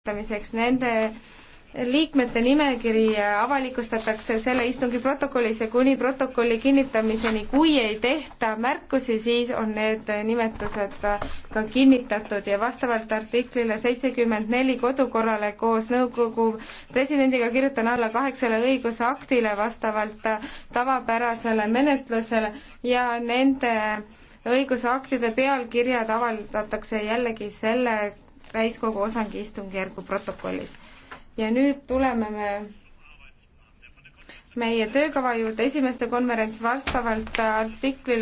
kasutamiseks nende liikmete nimekiri avalikustatakse selle istungi protokollis ja kuni protokolli kinnitamiseni, kui ei tehta märkusi, siis on need nimetused ka kinnitatud ja vastavalt artiklile seitsekümmend neli kodukorrale koos nõukogu presidendiga kirjutan alla kaheksale õigusaktile vastavalt tavapärasele menetlusele ja nende õigusaktide pealkirjad avaldatakse jällegi selle täiskogu osangi istungjärgu protokollis. ja nüüd tuleme me meie töökava juurde, esimeste konverents vastavalt artiklile